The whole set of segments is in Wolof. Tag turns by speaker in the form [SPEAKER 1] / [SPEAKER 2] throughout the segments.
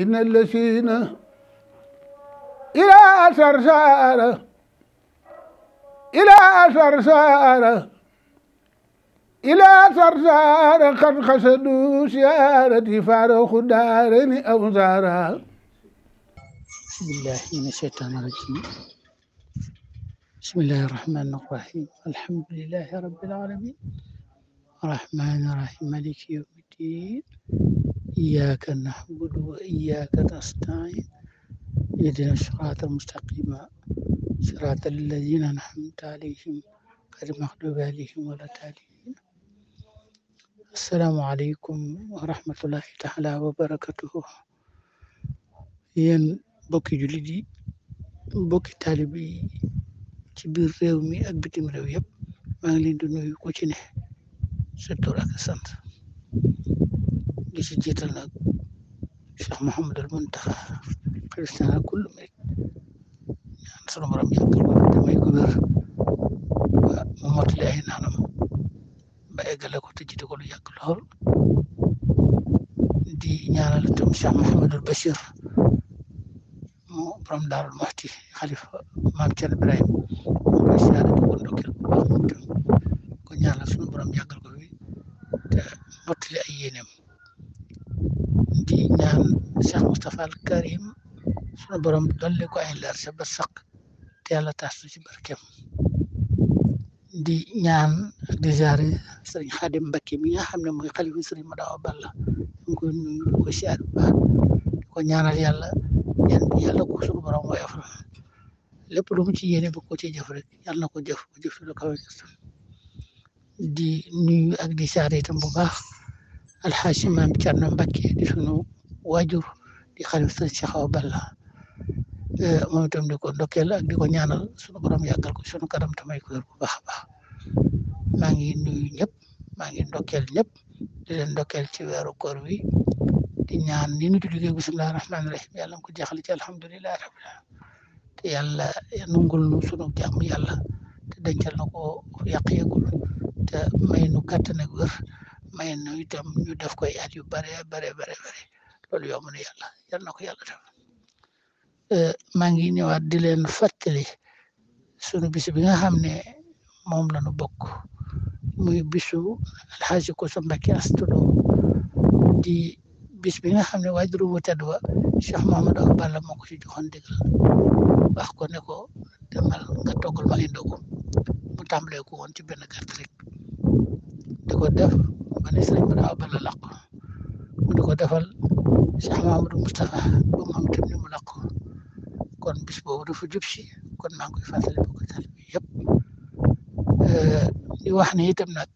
[SPEAKER 1] إن الذين إلى سرسارة إلى سرسارة إلى سرسارة قد خسدوا سيارتي فارخ دارني أو زارا بالله من الشيطان الرجيم بسم الله الرحمن الرحيم الحمد لله رب العالمين الرحمن الرحيم مالك يوم الدين إياك نعبد وإياك نستعين اهدنا الصراط المستقيم صراط الذين أنعمت عليهم غير المغضوب عليهم ولا الضالين السلام عليكم ورحمة الله تعالى وبركاته yéen mbokki jullit yi mbokki taalib yi ci biir réew mi ak bitim réew yëpp maa ngi leen di nuyu ku ci ne sa tur ak sant li ci jiital ak Cheikh Mouhamadul Muntaxa président ak kullu murit ñaan sunu ba eggale ko te jiite ko lu yàgg lool di ñaanal itam Cheikh Mouhamadul Bachir mu borom Daarul Muxti xalifa maam Thierno Ibrahim mu ngi siyaare di ko ndokkeel bu baax moom itam ko ñaanal sunu borom yàggal ko fi te motali ay di ñaan Cheikh Moustapha al Karim sunu borom dolli ko ay leer sa te yàlla taas ci barkeem di ñaan ak di ziare sëriñ Xaadim Mbakke mi nga xam ne mooy xalifa sëriñ Balla ñu ko nuyu di ko siyaar bu baax di ko yàlla ñaan bi yàlla ko sunu borom woyofal lépp lu mu ci yéene ba ko ci jëf rek yàlla na ko jëf ko jëf di nuyu ak di siyaare itam bu baax. alxaaji maam Cerno Mbakke di sunu waajur di xalif sëñ Cheikh Awa Balla eh, moom itam di ko ndokkeel ak di ko ñaanal sunu borom yàggal ko sunu karam tamay ko wér bu baax a maa ngi nuyu ñëpp maa ngi ndokkeel ñëpp di leen ndokkeel ci weeru koor wi di ñaan ni ñu ci liggéey bismillahi rahmaani rahim yàlla na ko jeexal ci alhamdulillahi rabbil alamin te yàlla nungul sunu jàmm yàlla te dencal na te may nu kàttan ak wér may nu itam def koy at yu bare bare bare bare loolu yomb na yàlla yal na ko yàlla def euh, maa ngi ñëwaat di leen fàttali sunu bis bi nga xam ne moom la nu bokk muy bisu alxaaji ko sa Mbàkke astudo di bis bi nga xam ne waajur bu tedd wa Cheikh Mahamadou ak Balla moo ko ci joxoon dëggal wax ko ne ko demal nga toggal ma ay ndogu mu tàmbalee ko woon ci benn gàtt ma ne sëriñ bi daaw bala làqu mu di ko defal Cheikh Mamadou Moustapha ba moom itam ni mu làqu kon bis boobu dafa jub si kon maa ngi koy fàttali bokk taalibe bi yëpp di wax ne itam nag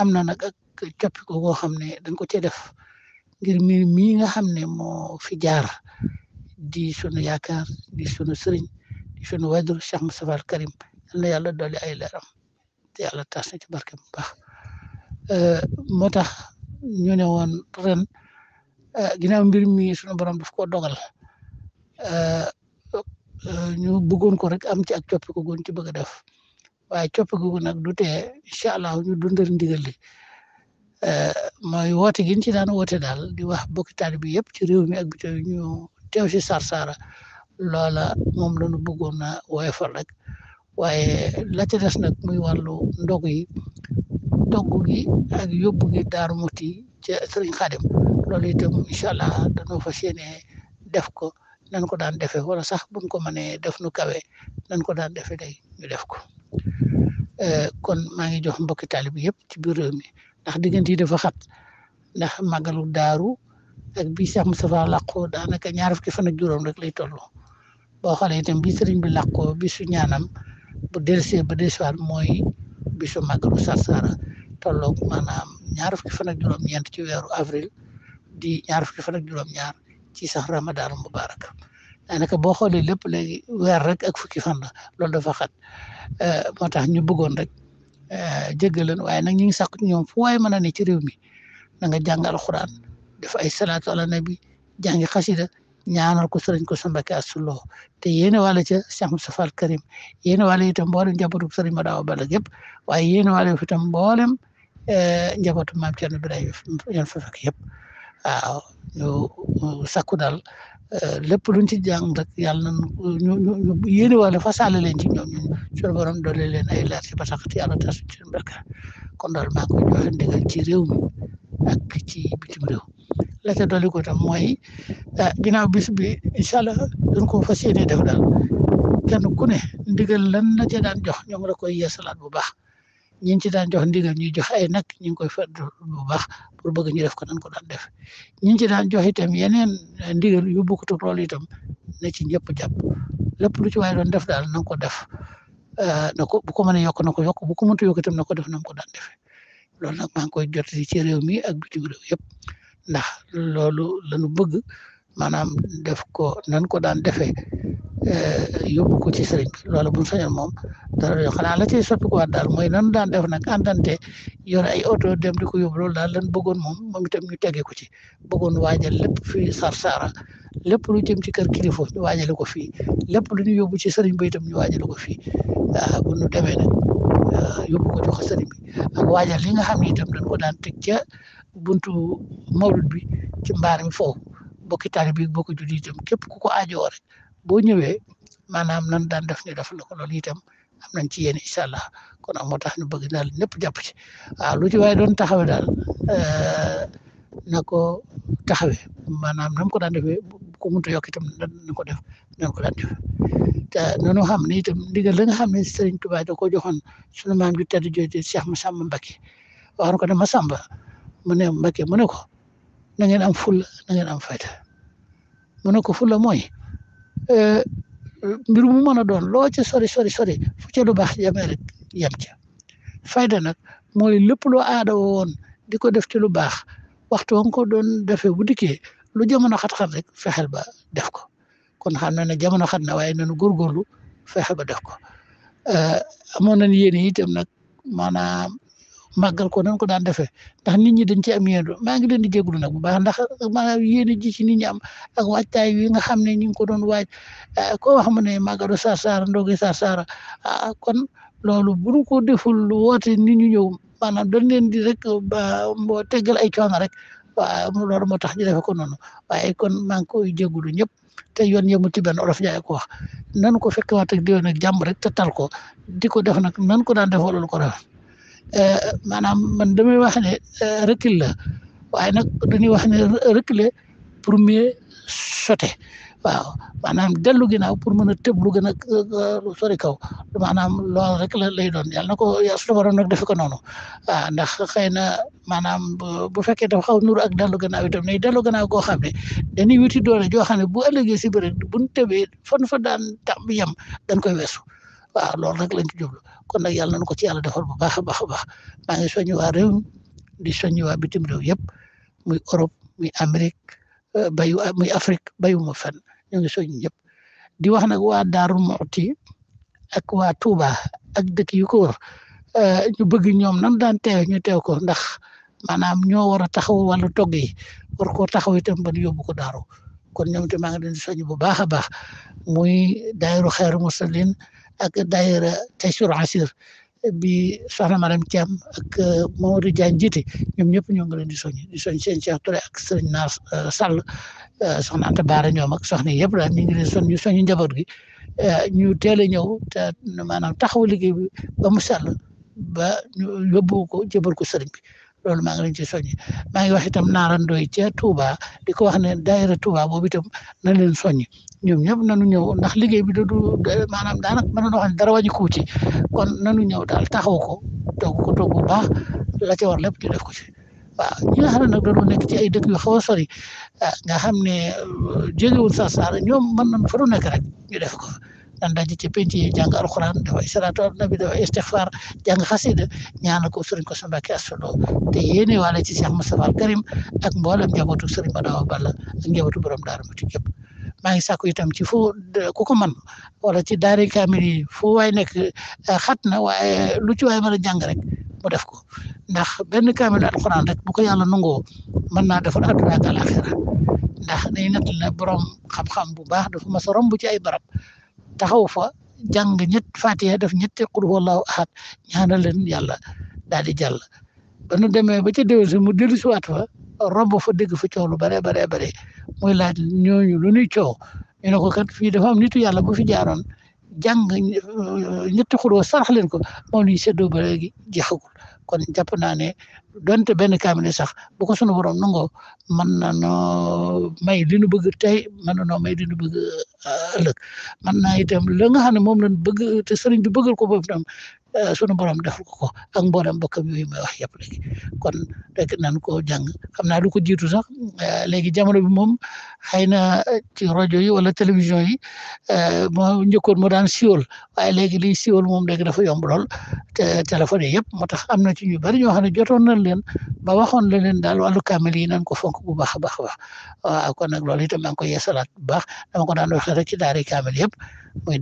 [SPEAKER 1] am na nag ak coppiku goo xam ne dañ ko cee def ngir mi mii nga xam ne moo fi jaar di sunu yaakaar di sunu sëriñ di sunu wajur Cheikh Moustapha Al Karim yal na yàlla dolli ay leeram te yàlla tas na ci barke bu Eh, moo tax ñu ne woon ren eh, ginnaaw mbir mi sunu borom daf koo dogal eh, ñu bëggoon ko rek am ci ak coppiku gun ci bëgg a def waaye coppiku gu nag du tee incha allah ñu dundal ndigal li mooy woote gi ñu ci daan woote daal di wax bokki taalibe bi yëpp ci réew mi ak bi tey ñu teew si Sarsara loola moom la ñu bëggoon a woyofal rek waaye la des nag muy wàllu ndog yi. togg gi ak yóbbu gi Daaru Muti ca Serigne Khadim loolu itam incha allah dañoo fa yéene def ko nan ko daan defee wala sax buñ ko mënee def nu kawe nan ko daan defee day ñu def ko euh, kon maa ngi jox mbokki taalib yëpp ci biir réew mi ndax diggante yi dafa xat ndax màggalu daaru ak bii Cheikh Moustapha làqoo daanaka ñaar fukki fan juróom rek lay toll boo xoolee itam bii sëriñ bi làqoo bisu ñaanam bu delsee ba delsuwaat mooy bisu màggalu Sarsara tolloog maanaam ñaar fukki fan ak juróom-ñeent ci weeru avril di ñaar fukki fan ak juróom-ñaar ci sax ramadaanu mubarak daanaka boo xoolee lépp léegi weer rek ak fukki fan la loolu dafa xat eh, moo tax ñu bëggoon rek eh, jéggaleen waaye nag ñu ngi sàkku ci ñoom fu waaye mën ne ci réew mi na nga jàng alxuraan def ay salaatu ala nabi jàngi xasida ñaanal ko sëriñ ko sambake assulloo te yéen wàla ca Cheikh Moustapha al Karim yéen wàla itam mboolem njabootu sëriñ ma daaw bala gépp waaye yéen wàla Eh, njabootu maam Thierno Birahim ñoon fa fekk yëpp waaw ñu sakku daal eh, lépp luñ ci jàng rek yàlla na ñu ñu fa yéene wala fasaale leen ci ñoom ñun suñu borom doole leen ay leer ci basax ci yàlla kon daal maa ngi koy ci réew mi ak ci bitim réew la ca dolli ko tam mooy eh, ginnaaw bis allah dañ ko fas yéene def daal kenn ku ne ndigal lan la ca daan jox ñoom la koy yeesalaat bu baax. ñi ñu ci daan jox ndigal ñuy jox ay nag ñu ngi koy fedd bu baax pour bëgg ñu def ko nan ko daan def ñi ñu ci daan jox itam yeneen ndigal yu bokkut ak loolu itam na ci ñëpp jàpp lépp lu ci waaye doon def daal na ko def ah, na ko bu ko mënee yokk na ko yokk bu ko mënut a yokk na ko def na ko daan defee loolu nag maa ngi koy jot ci réew mi ak bitim réew yëpp ndax loolu lañu bëgg. maanaam def ko nan ko daan defee eh, yóbbu ko ci sëriñ bi loolu bu ñu sañoon moom dara yoo xanaa la ciy soppikuwaat daal mooy nan daan def nag àndante yor ay oto dem di ko yóbbu loolu daal lan bëggoon moom moom itam ñu tege ko ci bëggoon waajal lépp fii Sarsara lépp lu jëm ci kër kilifa ñu waajale ko fii lépp lu ñu yóbbu ci sëriñ bi itam ñu waajale ko fii ah bu ñu demee nag ah, yóbbu ko jox sëriñ bi ak waajal li nga xam ne itam dañ ko daan teg ca buntu mawlud bi ci mbaar mi mbokki taalibe bi mbokki jullit itam képp ku ko aajoo rek boo ñëwee maanaam nan daan def ñu def la ko loolu itam am nañ ci yéen incha allah kon nag moo tax ñu bëgg daal ñëpp jàpp ci waaw lu ci waaye doon taxawee daal eh, na ko taxawee maanaam na mu ko daan defee ku mënut a yokk itam na ko def na ko daan defee te noonu xam ne itam ndigal la nga xam ne Serigne Touba da koo joxoon sunu maam ju tedd jooju Cheikh Massamba Mbacke waxoon ko ne Massamba mu ne Mbacke mu ne ko. na ngeen am fulla na ngeen am fayda mu ne ko fulla mooy euh, mbir mu mën a doon loo ca sori sori sori fu ca lu baax yemee rek yem ca fayda nag mooy lépp loo aada woon di ko def ci lu baax waxtu wa nga ko doon defee bu dikkee lu jamono xat-xat rek fexeel ba def ko kon xam na ne jamono xat na waaye nañu góorgóorlu fexe ba def ko euh, amoon nañu yéen itam nag maanaam màggal ko nan ko daan defee ndax nit ñi dañ ci am yéen maa ngi leen di jégalu bu baax ndax maanaam yéen a ji ci nit ñi am ak waajtaay yi nga xam ne ñu ngi ko doon waaj ah, ko wax mu ne màggalu Sar Sara ndogu Sar Sara ah kon loolu bu ko deful woote nit ñu ñëw maanaam dañ leen di rek ba moo teggal ay coono rek waaw loolu moo tax ñu defe ko noonu waaye kon maa ngi koy jégalu ñëpp. te yoon yemu ci benn olof jaay ko wax nan ko fekk waat ak diwoon ak jàmm rek te tal ko di ko def nag nan ko daan def loolu ko def Eh, maanaam man damay wax ne eh, recul la waaye nag dañuy wax ne reculer pour mieux sauter waaw maanaam dellu ginnaaw pour mën a tëb lu gën a eh, sori kaw maanaam loolu rek la lay doon yàlla na ko yàlla suñu borom nag defe ko noonu waaw ndax xëy na maanaam bu fekkee daf xaw nuru ak dellu gannaaw itam ne dellu gannaaw goo xam ne dañuy wuti doole joo xam ne bu ëllëgee si bëri bu ñu tëbee fan fa daan tax bi yem dañ koy weesu waaw loolu rek lañ ci jublu kon nag yàlla nañu ko ci yàlla defal bu baax a baax a baax maa ngi soññi di soññi waa bitim réew yëpp muy orop muy Amérique euh, bayu muy Afrique bayu ma fenn ñu ngi soññi di wax nag waa Daaru Muxti ak waa Touba ak dëkk yu ko wër euh, ñu bëgg ñoom nan daan teew ñu teew ko ndax maanaam ñoo war a taxaw wàllu togg war koo taxaw itam ba yóbbu ko daaru kon ñoom te maa ngi leen di soññ bu muy daayiru xeeru musalin ak daayira Taysiir Asiir bi soxna Marème Thiam ak Mamadou Diagne jiite ñoom ñëpp ñoo ngi leen di soññ soñ seen Cheikh ak sëñ Naar euh, Sall euh, soxna Anta Baara ñoom ak soxna yëpp daal ñu ngi soñ ñu soñu njaboot gi euh, ñu teel a ñëw te maanaam taxawu liggéey bi ba mu ba ñu yóbbu ko jëbal ko sëriñ bi loolu maa ngi leen soo soññi maa ngi wax itam naarandoy ca Touba di ko wax ne daayira Touba boobu itam na leen soññi ñoom ñëpp nanu ñëw ndax liggéey bi du du maanaam daanaka mën na wax ne dara wàññi kuu ci kon nanu ñëw daal taxaw ko togg ko togg bu baax la ca war lépp ñu def ko ci waaw ñi ne nag dañoo nekk ci ay dëkk yu xaw a sori ah, nga xam ne euh, jégewul sa ñoom mën nañ fa nekk rek ñu def ko daan daje ci penc yi jàng alxuraan dafay salaatu ala nabi dafay istixfaar jàng xasida ñaanal ko sëriñ ko Mbàkke Asta Lo te yéene waale ci Cheikh Moustapha Al Karim ak mboolem njabootu sëriñ Madawa Balla ak njabootu borom Daara Muxti yëpp maa ngi sàkku itam ci fu ku ko man wala ci daari kaamil yi fu waay nekk eh, xat na waaye lu ci waay mën a jàng rek mu def ko ndax benn kaamil alxuraan rek bu ko yàlla nangoo mën naa defar àdduna ak alaxira ndax dañu natt la borom xam-xam bu baax a romb taxaw fa jàng ñett fatiha def ñetti qul huwallahu ahad ñaanal leen yàlla daal di jàll ba nu demee ba ca déwén mu dellu siwaat fa romb fa dégg fa coow lu bare bare bare muy laaj ñooñu lu ñuy coow ñu ne ko kat fii dafa am nitu yàlla bu fi jaaroon jàng euh, ñetti xuloo sarax leen ko moom la ñu séddoo ba léegi jeexagul kon jàpp naa ne donte benn kaamil sax bu ko sunu borom nangoo mën na noo may li nu bëgg tey mën na noo may li nu bëgg euh, ëllëg man naa itam la nga xam ne moom lañ bëgg te sëriñ bi bëggal ko boobu tam Eh, sunu borom defal ko ko ak mboolem bokkam yooyu may wax yëpp kon rek nan koo jàng xam naa lu ko jiitu sax eh, léegi jamono bi moom xëy na eh, ci rajo yi wala télévision yi moo njëkkoon moo daan siwal waaye léegi liy siwal moom léegi dafa yomb lool te téléphone yi yëpp moo tax am na ci ñu bari ñoo xam ne jotoon nañ leen ba waxoon la leen daal wàllu kaamil yi nan ko fonk bu baax a baax a baax waaw ko nag loolu itam maa ngi koy yeesalaat bu baax dama ko daan waxee rek ci daari kaamil yëpp muy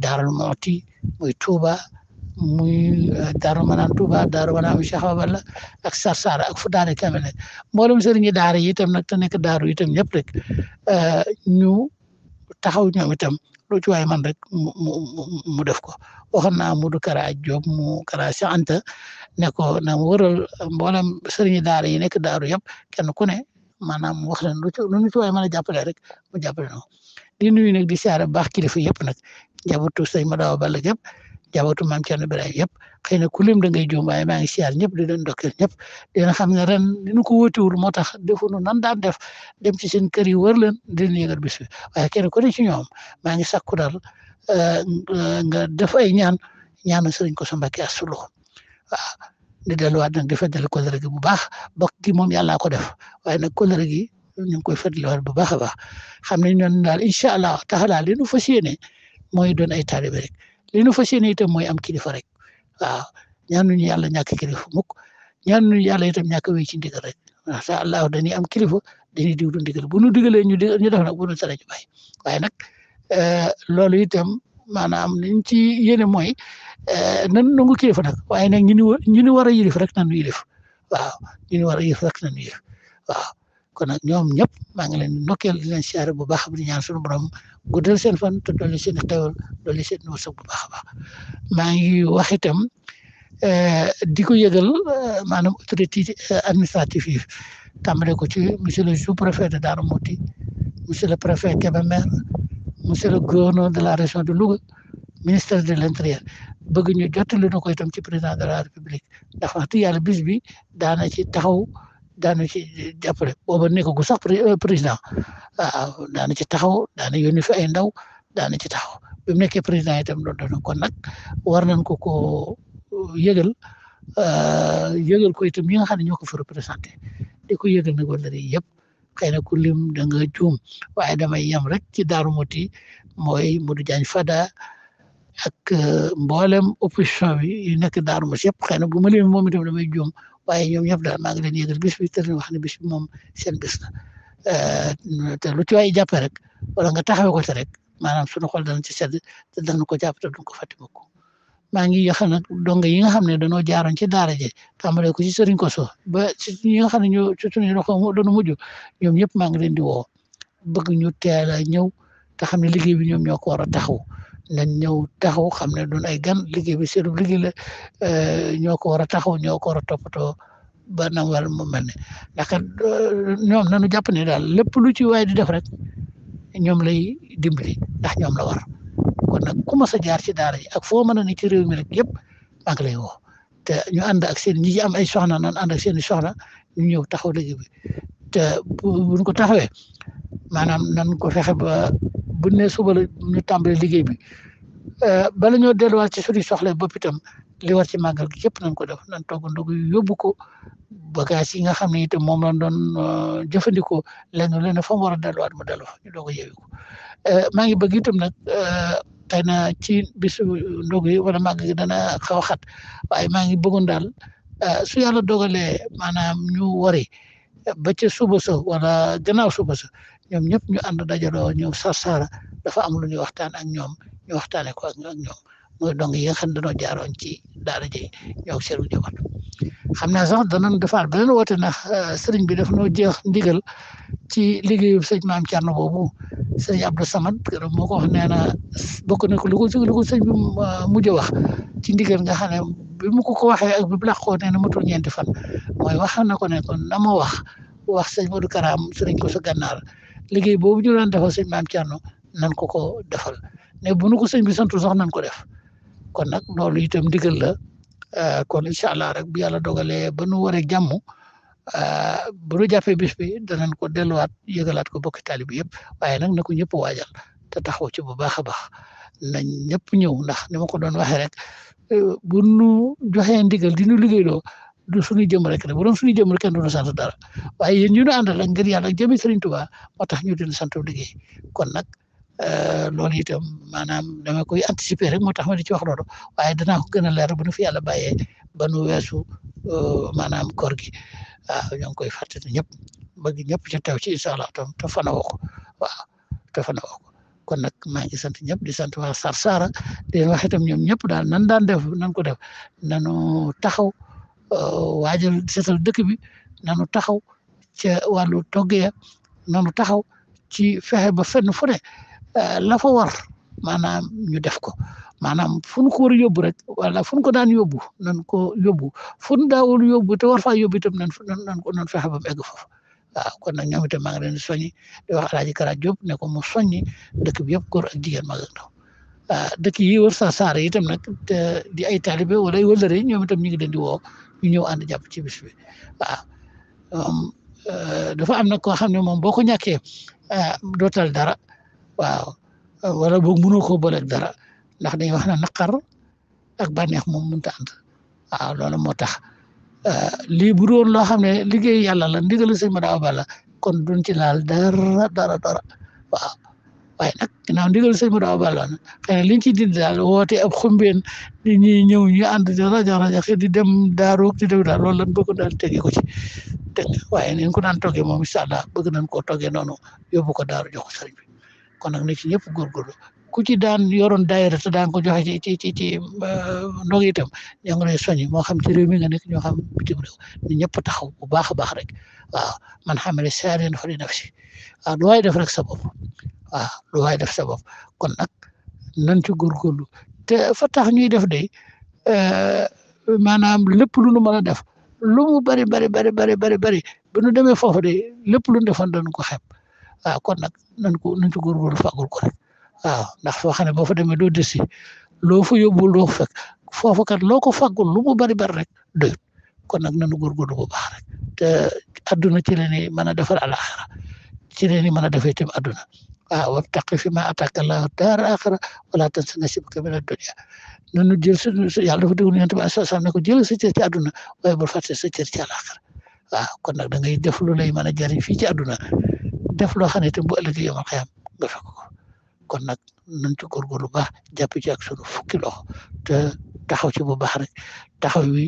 [SPEAKER 1] muy eh, Darou Manane Touba Darou Manane Cheikh Abdallah ak Sarsara ak fu daara kamel ne mboolem sëriñi daara yi itam nag te nekk daaru itam ñëpp rek eh, ñu taxaw ñoom itam lu ci waay man rek mu mu def ko waxoon naa Modou Kara Diop mu Kara Cheikh Anta ne ko na mu wëral mboolem sëriñi daara yi nekk daaru yëpp kenn ku ne maanaam wax leen lu ci lu ci waay mën a rek mu jàppale no di nuyu nag di siyaare baax kilifa yëpp nag njabootu sëñ Madawa Balla yëpp jabatu maam Thierno Ibrahima yëpp xëy na ku lim da ngay juum waaye maa ngi siyaar ñëpp di leen ndokkeel ñëpp di leen xam ne ren ni ñu ko wóotiwul moo tax defuñu nan daan def dem ci seen kër yi wër leen di leen yëgal bi waaye kenn ku ne ci ñoom maa ngi sakku daal euh, nga def ay ñaan ñaan sëriñ ko sa Mbàkke asulu waaw di delluwaat nag di feddali kóllëre bu baax bokk gi moom yàllaa ko def waaye na kóllëre gi ñu ngi koy feddaliwaat bu baax xam ne ñoom daal incha allah taxalaa li nu fas yéene mooy doon ay taalibe li fa fas itam mooy am kilifa rek waaw ñaanuñu yàlla ñàkk kilifa mukk ñaanuñu yàlla itam ñàkk wéy ci ndigal rek macha allah dañuy am kilifa dañuy diw du ndigal bu nu digalee ñu ñu def nag bu nu tere ñu bàyyi waaye nag eh, loolu itam maanaam liñ ci yéene mooy eh, nan nangu kilifa nag waaye nag ñu ni ñu ni war a yilif rek nanu yilif waaw ñu ni a yilif rek nanu yilif waaw kon ñoom ñëpp maa ngi leen di ndokkeel di bu baax di ñaan suñu borom guddal seen fan te dolli seen xewal dolli seen wërsëg bu baax a baax maa ngi wax itam eh, di ko yëgal eh, maanaam autorité eh, administrative yi tàmbale ko ci monsieur le sous-préfet de Darou Mouti monsieur le préfet Kébémer monsieur le gouverneur de la région de Louga ministère de l'intérieur bëgg ñu jottali na ko itam ci président de la république ndax waxtu yàlla bi daana ci taxaw. daanu ci jàppale booba nekkagu sax euh, président waaw daana ci taxaw daana yónni fi ay ndaw daana ci taxaw bi mu nekkee président itam doon doon kon nag war nañ ko ko euh, yëgal euh, yëgal ko itam ñi nga xam ne ñoo ko fa représenté di ko yëgal nag wala yëpp xëy na ku lim da nga juum waaye damay yem rek ci Fada ak euh, mboolem opposition bi yu nekk daaru mos yëpp xëy na bu ma leen moom itam damay juum waaye ñoom ñëpp daal maa ngi leen yëgal bis bi te wax moom seen bis euh, te lu ci waay jàppee rek wala nga taxawee ko te rek maanaam sunu xol dana ci sedd te dana ko jàpp te duñ ko fàtte mukk maa ngi yoo xam ne dong yi nga xam ne dañoo jaaroon ci daara ji tàmbalee ko ci Koso ba ci ñi nga xam ne ñoo ci suñu loxo doon mujj ñoom ñëpp maa ngi leen di woo bëgg ñu teel a ñëw te xam ne liggéey bi ñoom ñoo ko war a taxaw nañ ñaw taxaw xam ne doon ay gan liggéey bi seenub liggéey la euh, ñoo ko war a taxaw ñoo ko war a toppatoo ba nam wal mu mel ne ndax euh, ñoom nañu jàpp ne daal lépp lu ci waay di def rek ñoom lay dimbali ndax ñoom la war kon nag ku mas a jaar ci daara ak foo mën a ne ci réew mi rek yëpp maa lay wo te ñoo ànd ak seen ñi am ay soxna nan ànd ak seen i soxna ñu ñëw taxaw liggéey bi te buñ ko taxawee maanaam nan ko fexe ba bu ne suba ñu tàmbali liggéey bi euh, bala ñoo delluwaat ci suñu soxla bopp itam li war ci màggal gi yëpp nañ ko def nañ togg ndog yóbbu ko bagage yi nga xam ne itam moom lañ doon euh, jëfandikoo lenn lenn fa mu war a delluwaat mu dellu fa ñu doog a yeewu ko euh, maa ngi bëgg itam nag xëy na ci bis ndog yi wala màgg gi dana xaw a xat waaye maa ngi bëggoon daal su yàlla dogalee maanaam ñu wari ba ca suba sa wala gannaaw suba sa ñoom ñëpp ñu ànd dajaloo ñëw sarsaara dafa am lu ñuy waxtaan ak ñoom ñu waxtaanee ko ak ñoom mooy dong yi nga xam ne dañoo jaaroon ci daara ji ñoo seetlu jëfandikoo. xam naa sax danañ defaat beneen woote ndax euh, seriñ bi def noo jeex ndigal ci liggéeyu sëñ maam Thierno boobu sëriñ Abdou Samad keroog moo ko wax nee na bokk na ko lu ko lu ko sëñ bi euh, mujj wax ci ndigal nga xam ne bi mu ko ko waxee ak bi mu làqoo nee na matul ñeenti fan mooy wax na ko ne kon na ma wax wax sëñ Modou Karaam sëriñ ko sa gànnaar liggéey boobu ñu doon defal sëñ maam Thierno nan ko ko defal ne bu nu ko sëñ bi santu sox nan ko def kon nag loolu itam ndigal la. Eh, kon incha allah rek bu yàlla dogalee ba nu waree jàmm eh, bu nu jàppee bis bi danañ ko delluwaat yëgalaat ko bokki taali bi yëpp waaye nag na ko ñëpp waajal te taxaw ci bu baax a baax nañ ñëpp ñëw ndax ni ko doon waxee rek eh, bu nu joxee ndigal di nu liggéeyloo du suñu jëm rek de bu doon suñu jëm rek kenn du sant dara waaye yéen ñu nu àndal ak ngir yàlla ak jëmi Sëriñ Tuubaa moo tax ñu dina sant liggéey kon nag. Euh, loolu itam maanaam dama koy anticiper rek moo tax ma di ci wax loolu waaye danaa ko gën a leer ba nu fi yàlla bàyyee ba nu weesu euh, maanaam koor gi waaw ñoo ngi koy fàttali ñëpp bëgg ñëpp ci teew ci incha allah tam te fanawoo ko te fanawoo ko kon nag maa ngi sant ñëpp di sant waa Sarsara di leen wax itam ñoom ñëpp daal nan daan def nan ko def nanu taxaw euh, waajal seetal dëkk bi nanu taxaw ca wàllu toggee nanu taxaw ci fexe ba fenn fu ne Euh, la fa war maanaam ñu def ko maanaam fu ko war a yóbbu rek wala fu ñu ko daan yóbbu nan ko yóbbu fu ñu daawul yóbbu te war faa yóbbu itam nan nan ko nan fexe ba mu egg foofu waaw kon nag ñoom itam maa ngi leen di soññi di wax Alaaji Kara Diop ne ko mu soññi dëkk bi yëpp góor ak jigéen mag ak ndaw dëkk yi wër sa saara itam nag di ay taalibe wala ay wëllëre ñoom itam ñu ngi leen di woo ñu ñëw ànd jàpp ci bis bi waaw euh, dafa am nag koo xam ne moom boo ko ñàkkee euh, dootal dara. waaw euh, wala boog mënoo koo dara ndax dañuy wax ne naqar ak bànneex moom mënut a ànd waaw loolu moo tax euh, lii bu doon loo xam ne liggéey yàlla la ndigalu sëñ Madaw la kon duñ ci laal dara dara dara waaw waaye nag ginnaaw ndigalu sëñ Madaw Balla na xëy na liñ ci woote ab xumbeen di ñuy ñëw ñu ànd di rajo rajo di dem daaru di dem daal loolu lan bëgg daal tege ko ci teg waaye ni ñu ko daan toggee moom incha allah bëgg nañ koo toggee noonu yóbbu ko kon nag na ci ñëpp góorgóorlu ku ci daan yoroon daayira te daan ko joxe ci ci ci ci ndog itam ñoo ngi lay soññ moo xam ci réew mi nga nekk ñoo xam bitim réew ni ñëpp taxaw bu baax a baax rek waaw man xamale saareen fa li naf si waaw lu waay def rek sa bopp waaw lu waay def sa bopp kon nag nan ci góorgóorlu te fa tax ñuy def day euh, maanaam lépp lu nu mën a def lu mu bari bari bari bari bari bari bu nu demee foofu de lépp lu nu defoon dañu ko xeeb waaw kon nag nañ ko nañ ci góorgóorlu fàggul ko rek waaw ndax foo xam ne boo fa demee doo desi loo fa yóbbul doo fa fekk foofu kat loo ko fàggul lu mu bari bari rek doyut kon nag nañu góorgóorlu bu baax rek te adduna ci la mën a defar alaxira ci la ñuy mën a defee itam adduna waaw wattaqi fi ma ataka llahu daar axira wala tansa nasibaka min addunya nañu jël sa yàlla dafa déglu yonent bi sa ne ko jël sa cër ci adduna waaye bul fàtte sa cër kon nag da ngay def lu lay mën a jëriñ fii ci adduna def loo xam ne itam bu ëllëgee yomal xëyam nga fekk ko kon nag nañ ci góorgóorlu baax jàpp ci ak sunu fukki loxo te taxaw ci bu baax rek taxaw wi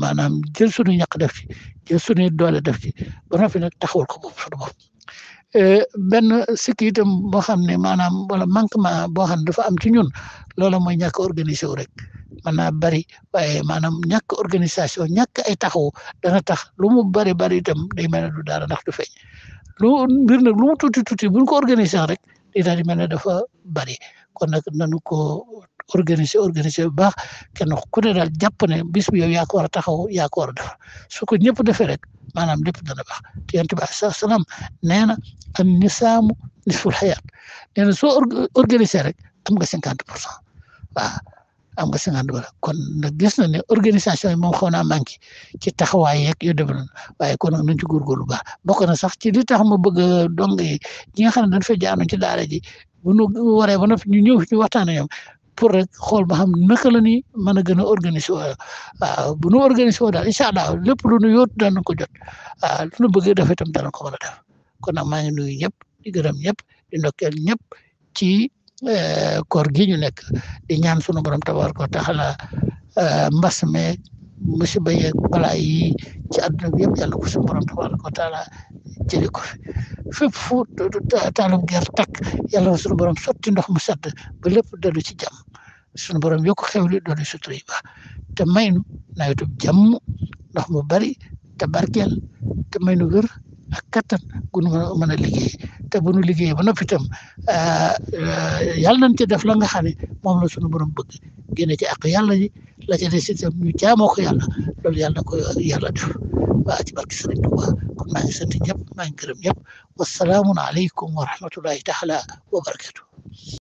[SPEAKER 1] maanaam jël sunu ñaq def ci jël sunu doole def ci ba noppi nag taxawal ko bopp sunu bopp eh, benn sikki itam boo xam ne maanaam wala manquement boo xam ne dafa am ci ñun loola mooy ñàkk organisé wu rek mën naa bari waaye maanaam ñàkk organisation ñàkk ay taxaw dana tax lu mu bari bari itam day mel ne du dara ndax du feeñ lu mbir nag lu mu tuuti tuuti buñ ko organiser rek day daal mel ne dafa bari kon nag nanu ko organiser organiser bu baax kenn ku ne daal jàpp ne bis bi yow taxaw yaa ko war a defar su ko ñëpp defee rek maanaam lépp dana baax te yonent bi alayhi salaam nee na an nisaamu nisful xayaat nee soo organiser rek am nga cinquante pour cent waaw am nga cinquante wala kon nag gis na ne organisation yi moom xaw naa manqué ci taxawaay yeeg yu demee noonu waaye kon nag nañ ci góorgóorlu baax bokk na sax ma bëgg a dong yi ñi nga xam ne ji bu nu waree ba noppi ñu ñëw ñu waxtaan ak ñoom pour rek xool ba xam naka la ñuy mën a gën a organiser woo waaw bu allah lépp lu nu yóot danañ ko jot waaw lu nu bëggee def itam a kon nag nuyu ñëpp di di ndokkeel ñëpp ci. E, koor gi ñu nekk di ñaan sunu borom ko wa taala e, mbas me musiba yeeg balaa yi ci àdduna bi yëpp yàlla ko sunu ko fi fépp fu taalum ger takk yàlla sunu borom sotti ndox mu sedd ba lépp dellu ci jàmm sunu borom yokk xewli doole sutura ba te may nu nawetu jàmm ndox mu bari te may nu ak kattan gu nu mën a liggéey te bu nu liggéey ba noppi itam euh, euh, yàlla nañ ci def la nga xam ne moom la suñu borom bëgg génne ci ak yàlla ji la ca des itam ñu jaamoo ko yàlla loolu ko yàlla def waa ci barke Sëriñ Tuuba kon maa ngi sant ñëpp maa ngi gërëm ñëpp wasalaamun aleykum taala wa barakatu